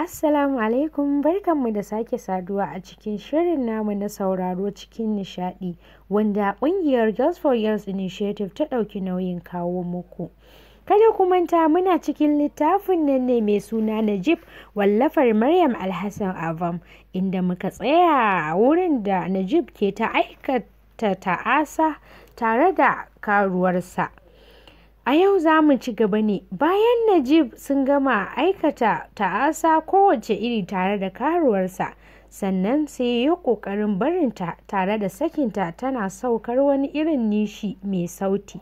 Assalamu alaikum barkanmu da sake saduwa a cikin shirin namu na sauraro cikin nishaɗi wanda ƙungiyar Girls for Girls Initiative ta ɗauki nauyin kawo muku. Kada ku manta muna cikin littafin nan ne mai suna Najib wallafar Maryam Alhassan Avam inda muka tsaya a wurin da Najib ke ta aikata ta'asa tare da karuwarsa. A yau za mu ci gaba ne bayan Najib sun gama aikata ta'asa kowace iri tare da karuwarsa, sannan sai ya yi ƙoƙarin barinta tare da sakinta tana saukar wani irin nishi mai sauti.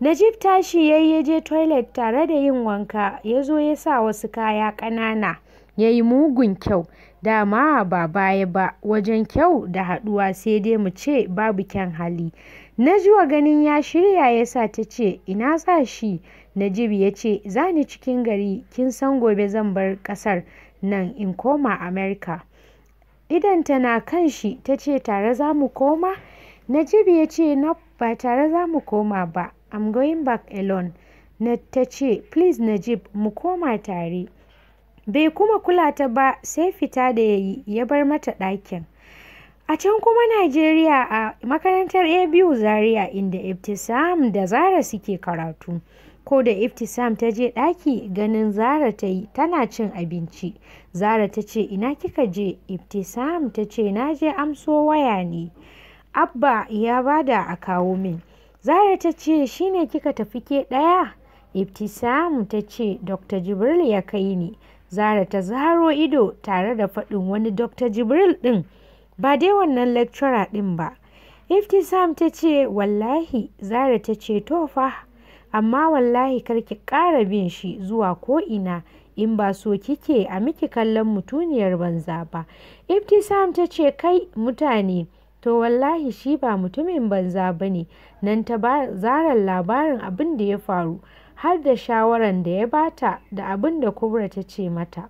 Najib tashi ya yi je toilet tare da yin wanka ya zo ya sa wasu kaya ƙanana ya yi mugun kyau dama ba baya ba wajen kyau da haɗuwa sai dai mu ce babu kyan hali. na Najwa ganin ya shirya ya sa ta ce, ina sa shi? Najib ya ce, za ni cikin gari, kin san gobe zan bar ƙasar nan in koma Amerika. ta na kan shi, ta ce, tare za mu koma? Najib ya ce, na ba tare za mu koma ba, I'm going back alone. Na ta ce, please Najib, mu koma tare. bai kuma kula ta ba sai fita da ya yi ya bar mata ɗakin a can kuma najeriya a makarantar a abu zaria inda iftisam da zara suke karatu ko da iftisam ta je ɗaki ganin zara ta yi tana cin abinci zara ta ce ina kika je iftisam ta ce na je amso waya ne abba ya bada a kawo min zara ta ce shine kika tafi ke ɗaya iftisam ta ce dr jibril ya kai ni Zara ta zaro ido tare da faɗin wani Dr. Jibril ɗin, ba dai wannan lecturer ɗin ba. Iftisam ta ce, wallahi, Zara ta ce, to fa, amma wallahi karki ƙara bin shi zuwa ko'ina in ba so kike a miki kallon mutuniyar banza ba. Iftisam ta ce, kai mutane, to wallahi shi ba mutumin banza ba ne, nan ta zarar labarin abin da ya faru. har da shawaran da ya bata da abin da Kubra ta ce mata.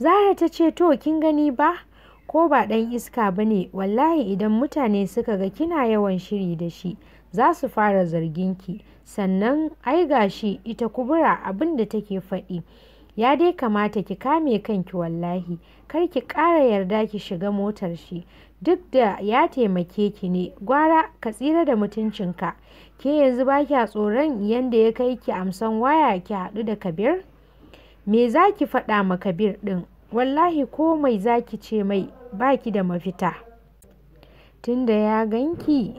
Zahra ta ce to kin gani ba ko ba ɗan iska ba ne wallahi idan mutane suka ga kina yawan shiri da shi za su fara zarginki sannan ai gashi ita kubura abin da take faɗi ya dai kamata ki kame kanki wallahi kar ki ƙara yarda ki shiga motar shi duk da ya taimake ki ne gwara ka tsira da mutuncinka ke yanzu ba kya tsoron yadda ya kai ki amsan waya ki haɗu da kabir me za ki faɗa ma kabir ɗin wallahi ko mai za ki ce mai Ba ki da mafita tunda ya ganki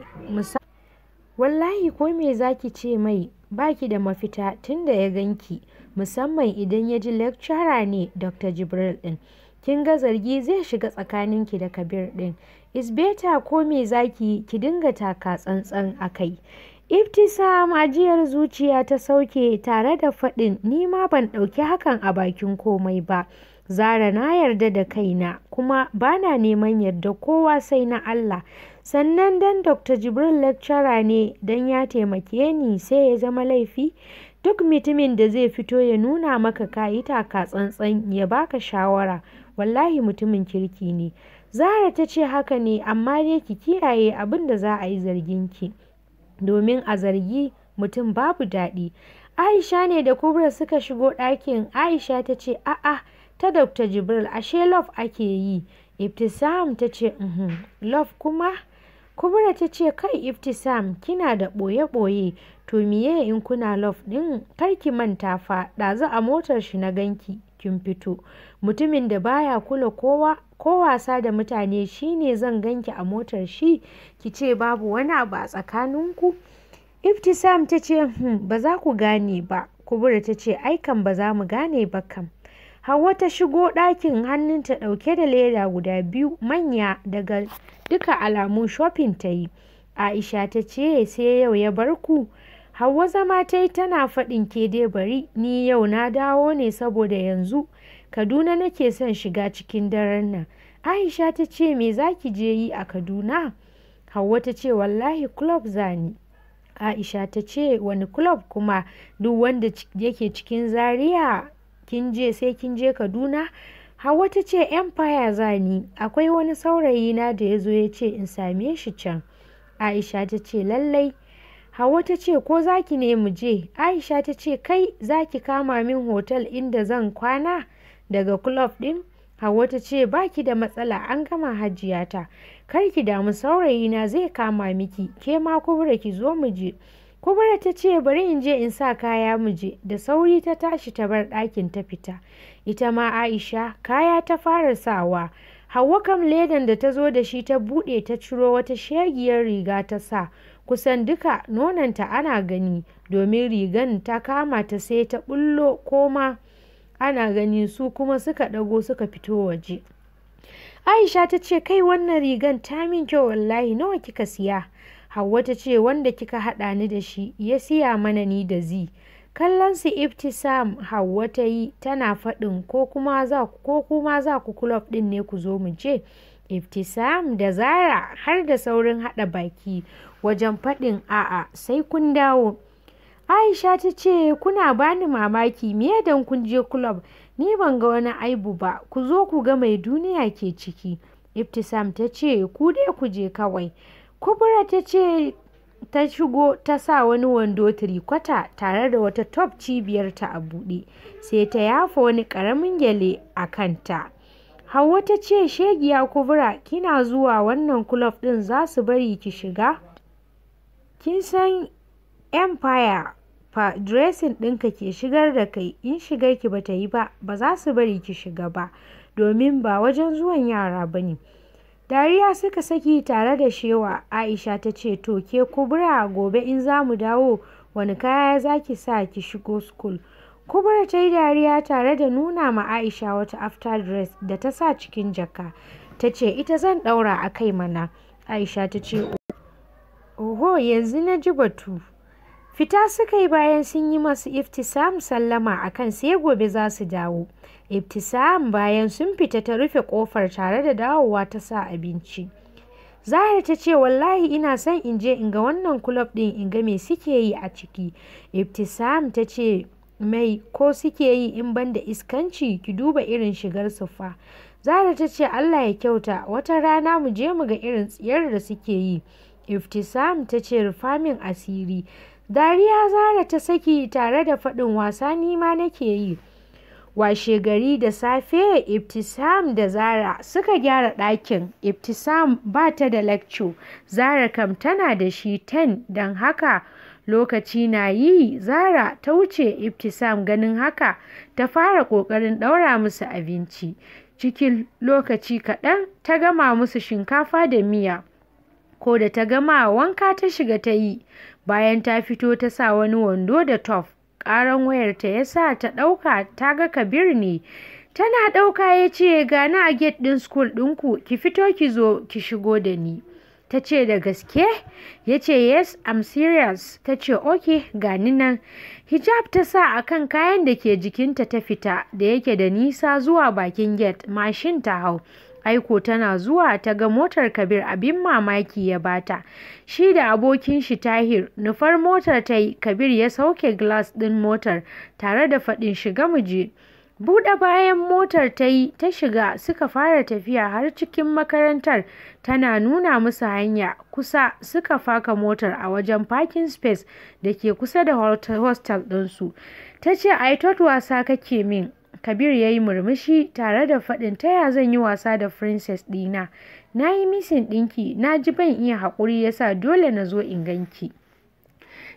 wallahi ko me za ki ce mai Ba ki da mafita tunda ya ganki musamman idan ya ji lecturer ne Dr. Jibril ɗin. Kin ga zargi zai shiga tsakaninki da Kabir ɗin. Is better ko me zaki ki dinga taka tsantsan a kai. Iftisam ajiyar zuciya ta sauke tare da faɗin ni ma ban ɗauki hakan a bakin komai ba. Zara na yarda da kaina kuma bana neman yarda kowa sai na Allah. Sannan dan Dr. Jibril lecturer ne dan ya taimake ni sai ya zama laifi. duk mutumin da zai fito ya nuna maka ka yi taka tsantsan ya baka shawara wallahi mutumin kirki ne zara ta ce haka ne amma dai ki kiyaye abin da za a yi zargin ki domin a zargi mutum babu daɗi aisha ne da kubra suka shigo ɗakin aisha ta ce a'a ta dr jibril ashe love ake yi ibtisam ta ce uhm, love kuma Kubura ta ce kai Iftisam kina da ɓoye-ɓoye to miye in kuna love ɗin ki manta fa ɗazu a motar shi na ganki kin fito mutumin da baya kula kowa ko wasa da mutane shine zan ganki a motar shi ki ce babu wani abu a tsakaninku Iftisam ta ce hmm, ba za ku gane ba Kubura ta ce ai ba za mu gane ba kam Hauwa ta shigo ɗakin hannunta ɗauke da leda guda biyu manya daga duka alamun shopping ta yi. Aisha ta ce, sai yau ya bar ku? Hauwa zama ta yi tana faɗin ke dai bari, ni yau na dawo ne saboda yanzu Kaduna nake son shiga cikin daren nan. Aisha ta ce, me za ki je yi a Kaduna? Hauwa ta ce, wallahi club zani. Aisha ta ce, wani club kuma duk wanda yake cikin Zaria kin je sai kin je Kaduna Hauwa ta ce Empire zani akwai wani saurayi na da ya zo ya ce in same shi can Aisha ta ce lallai Hauwa ta ce ko zaki ne mu je Aisha ta ce kai zaki kama min hotel inda zan kwana daga club din Hauwa ta ce baki da matsala an gama hajiyata kar ki damu saurayi na zai kama miki ke ma kubura ki zo mu je Kubura ta ce bari in je in sa kaya mu je da sauri ta tashi ta bar ɗakin ta fita. Ita ma Aisha kaya ta fara sawa. Hauwa kam ledan da ta zo da shi ta buɗe ta ciro wata shagiyar riga ta sa. Kusan duka nonanta ana gani domin rigan ta kama ta sai ta ɓullo koma ana gani su kuma suka ɗago suka fito waje. Aisha ta ce kai wannan rigan ta min kyau wallahi nawa kika siya? Hauwa ta ce wanda kika haɗa ni da shi ya siya mana ni da zi. Kallon su Iftisam Hauwa ta yi tana faɗin ko kuma za ku kulob ɗin ne ku zo mu je. Iftisam da Zara har da saurin haɗa baki wajen faɗin a'a sai kun dawo. Aisha ta ce kuna bani mamaki miye dan kun je kulob ni ban ga wani aibu ba ku zo ku ga mai duniya ke ciki. Iftisam ta ce ku dai ku je kawai Kubura ta ce ta shigo ta sa wani wando tirikwata tare da wata top ta a buɗe, sai ta yafa wani ƙaramin gyale a kanta. Hauwa ta ce, Shegiya Kubura, kina zuwa wannan kulob ɗin za su bari ki shiga? Kin san Empire fa dressing ɗinka ke shigar da kai, in shigar ki bata yi ba, ba za su bari ki shiga ba, domin ba wajen zuwan yara ba ne. Dariya suka saki tare da shewa, Aisha ta ce, To ke Kubura gobe in za mu dawo wani kaya za ki sa ki shigo school? Kubura ta yi dariya tare da nuna ma Aisha wata after dress da ta sa cikin jaka. Ta ce, Ita zan ɗaura a kai mana. Aisha ta ce, Oho yanzu na ji batu. fita suka yi bayan sun yi masu iftisam sallama akan sai gobe za su dawo iftisam bayan sun fita ta rufe kofar tare da dawowa ta sa abinci Zahra ta ce wallahi ina son in je in ga wannan kulob ɗin in ga me suke yi a ciki. iftisam ta ce mai ko suke yi in ban da iskanci ki duba irin shigar su fa. Zahra ta ce Allah ya kyauta wata rana mu je mu ga irin tsiyar da suke yi. Iftisam ta ce rufamin asiri. Dariya Zara ta saki tare da faɗin wasa nima nake yi. Washe gari da safe Ibtisam da Zara suka gyara ɗakin. Ibtisam ba ta da lecture, Zara kam tana da shi 10 don haka lokaci na yi Zara ta wuce Ibtisam ganin haka ta fara ƙoƙarin ɗaura musu abinci. Cikin lokaci kaɗan ta gama musu shinkafa da miya. Ko da ta gama wanka ta shiga ta yi. Bayan ta fito ta sa wani wando da top, ƙaran wayarta ya sa ta ɗauka ta ga Kabir ne. Tana ɗauka ya ce gani a get ɗin school ɗinku ki fito ki zo ki shigo da ni. ta ce da gaske ya ce yes i'm serious ta ce ok gani nan hijab ta sa a kan kayan da ke jikinta ta fita da yake da nisa zuwa bakin get mashin ta hau aiko tana zuwa ta ga motar kabir abin mamaki ya bata shi da abokin shi tahir nufar motar ta yi kabir ya sauke glass ɗin motar tare da faɗin shiga muje buɗe bayan motar ta yi ta shiga suka fara tafiya har cikin makarantar tana nuna musu hanya kusa suka faka motar a wajen parking space da ke kusa da hostel ɗinsu ta ce i thought wasa kake min Kabir ya yi murmushi tare da faɗin taya zan yi wasa da princess ɗina. Na yi misin ɗinki, na ji ban iya haƙuri ya sa dole na zo in ganki.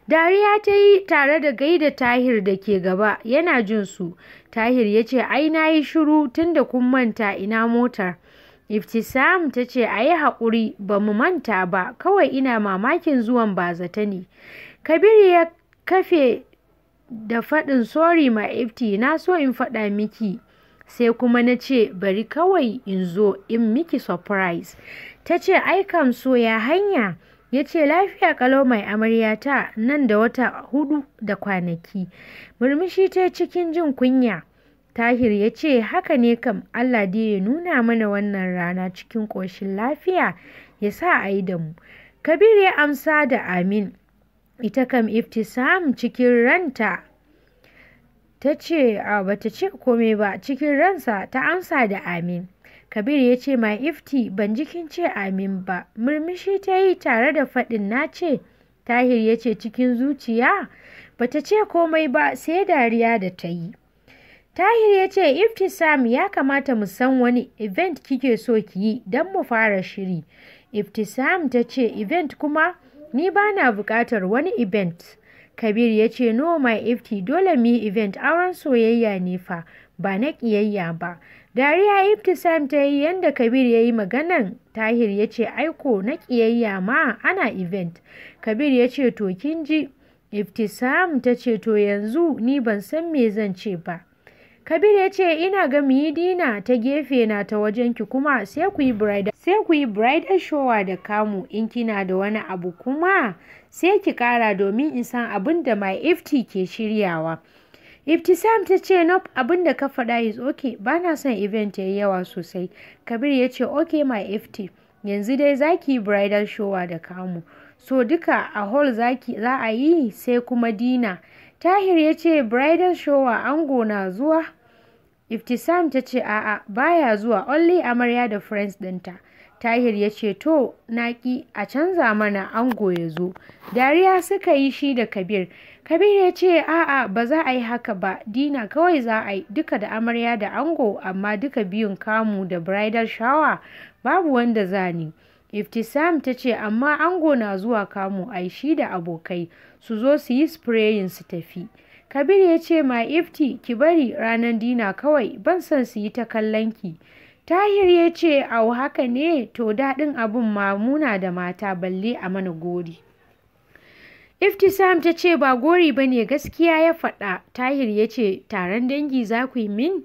Dariya ta yi tare da gaida Tahir da ke gaba yana jin su. Tahir ya ce ai na yi shiru tunda kun manta ina motar. Iftisam ta ce a yi haƙuri ba mu manta ba kawai ina mamakin zuwan zata ne. Kabir ya kafe da faɗin sorry ma ifti na so in faɗa miki sai kuma na ce bari kawai in zo in miki surprise ta ce ai so ya hanya ya ce lafiya kalau mai amaryata nan da wata hudu da kwanaki murmushi ta cikin jin kunya tahir ya ce haka ne kam allah da ya nuna mana wannan rana cikin ƙoshin lafiya ya sa a yi da mu kabir ya amsa da amin ita kam iftisam cikin ranta ta ce a ah, bata ce komai ba cikin ransa ta amsa da amin kabir ya ce ma ifti ban jikin ce amin ba murmushi ta yi tare da faɗin na ce tahir ya ce cikin zuciya ba ce komai ba sai dariya da ta yi tahir ya ce iftisam ya kamata mu san wani event kike so ki yi don mu fara shiri iftisam ta ce event kuma Ni ba na buƙatar wani event Kabir ya ce no my ifti dole mi yi event auren soyayya ne fa ba na ƙiyayya ba. Dariya Sam ta yi yadda Kabir ya yi maganan Tahir ya ce aiko na ƙiyayya ma ana event. Kabir ya ce to kin ji Sam ta ce to yanzu ni ban san me zan ce ba. Kabir ya ce ina ga mu dina ta gefe na ta wajen ki kuma sai ku yi bridal sai ku yi bridal da kamu in kina da wani abu kuma sai ki kara domin in san abin da mai ifti ke shiryawa. Sam ta ce nope abin da ka faɗa is okay ba na son event ya yi yawa sosai. Kabir ya ce okay my ifti yanzu dai za ki yi bridal show da kamu. So duka a hall za a yi sai kuma dina. Tahir ya ce bridal shower ango na zuwa? Iftisam ta ce a'a baya zuwa only amarya da friends ɗinta. Tahir ya ce to naki a canza mana ango ya zo. Dariya suka yi shi da Kabir. Kabir ya ce a'a ba za a yi haka ba dina kawai za a yi duka da amarya da ango amma duka biyun kamu da bridal shower babu wanda za ni. Iftisam ta ce amma ango na zuwa kamu aishi da abokai su zo su yi sprayin su tafi. Kabir ya ce ma ifti ki bari ranar dina kawai ban son su yi ta kallon ki. Tahir ya ce au haka ne to daɗin abun mamuna da mata balle a mana gori. Iftisam ta ce ba gori ba ne gaskiya ya faɗa. Tahir ya ce taron dangi za ku yi min?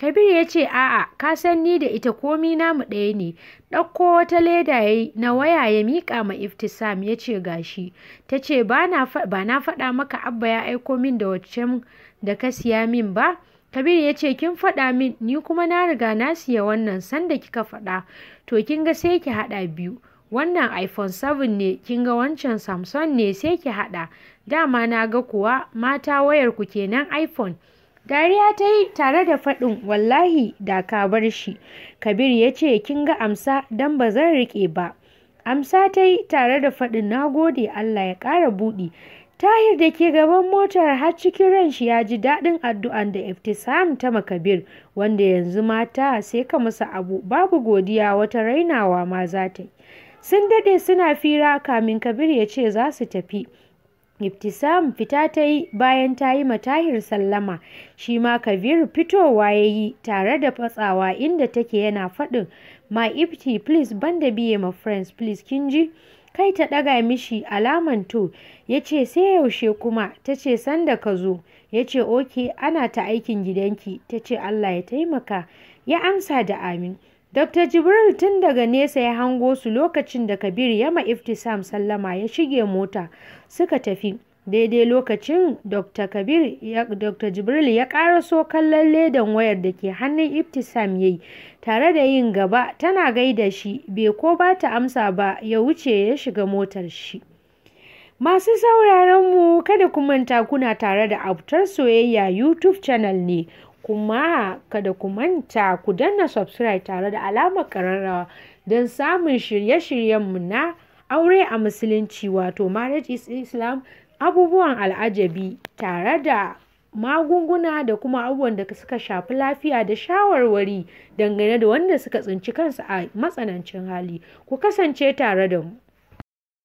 Kabir ya ce a'a ka san ni da ita komi namu ɗaya ne. Ɗauko wata leda ya yi na waya ya miƙa ma Iftisam ya ce ga shi. Ta ce ba na faɗa maka Abba ya aiko min da waccan da ka siya min ba. Kabir ya ce kin faɗa min ni kuma na riga na siya wannan sanda kika faɗa. To kin ga sai ki haɗa biyu. wannan iPhone 7 ne kin ga wancan Samsung ne sai ki haɗa dama na ga kuwa mata wayar ku kenan iPhone Dariya ta yi tare da faɗin wallahi da ka bar shi. Kabir ya ce kin ga amsa don ba zan riƙe ba. Amsa ta yi tare da faɗin na gode Allah ya ƙara buɗi. Tahir da ke gaban motar har cikin ran shi ya ji daɗin addu'an da Iftisam ta makabir wanda yanzu mata sai ka masa abu babu godiya wata rainawa ma za ta yi. Sun daɗe suna fira kamin Kabir ya ce za su tafi. Ibtisam fita ta yi bayan ta yi matahir sallama, shi ma Kabir fitowa ya yi tare da fatsawa inda take yana faɗin, ma Ifti please banda biye ma friends please kin ji? Kai ta ɗaga mishi alaman to, ya ce sai yaushe kuma, ta ce sanda ka zo, ya ce oke ana ta aikin gidanki, ta ce Allah ya taimaka, ya amsa da amin. Dr. Jibril tun daga nesa ya hango su lokacin da Kabir ya ma Iftisam sallama ya shige mota suka tafi. Daidai lokacin Dr. Kabir ya, Dr. Jibril ya so kallon ledan wayar da ke hannun Iftisam yayi tare da yin gaba tana gaida shi bai ko ba ta amsa ba ya wuce ya shiga motar shi. Masu sauraron mu kada ku manta kuna tare da Abtar Soyayya YouTube channel ne. kuma kada ku manta ku danna subscribe tare da alamar ƙararrawa don samun shirye-shiryenmu na aure a musulunci wato marriage is islam abubuwan al'ajabi tare da magunguna da kuma abubuwan da suka shafi lafiya da shawarwari dangane da wanda suka tsinci kansu a matsanancin hali ku kasance tare da mu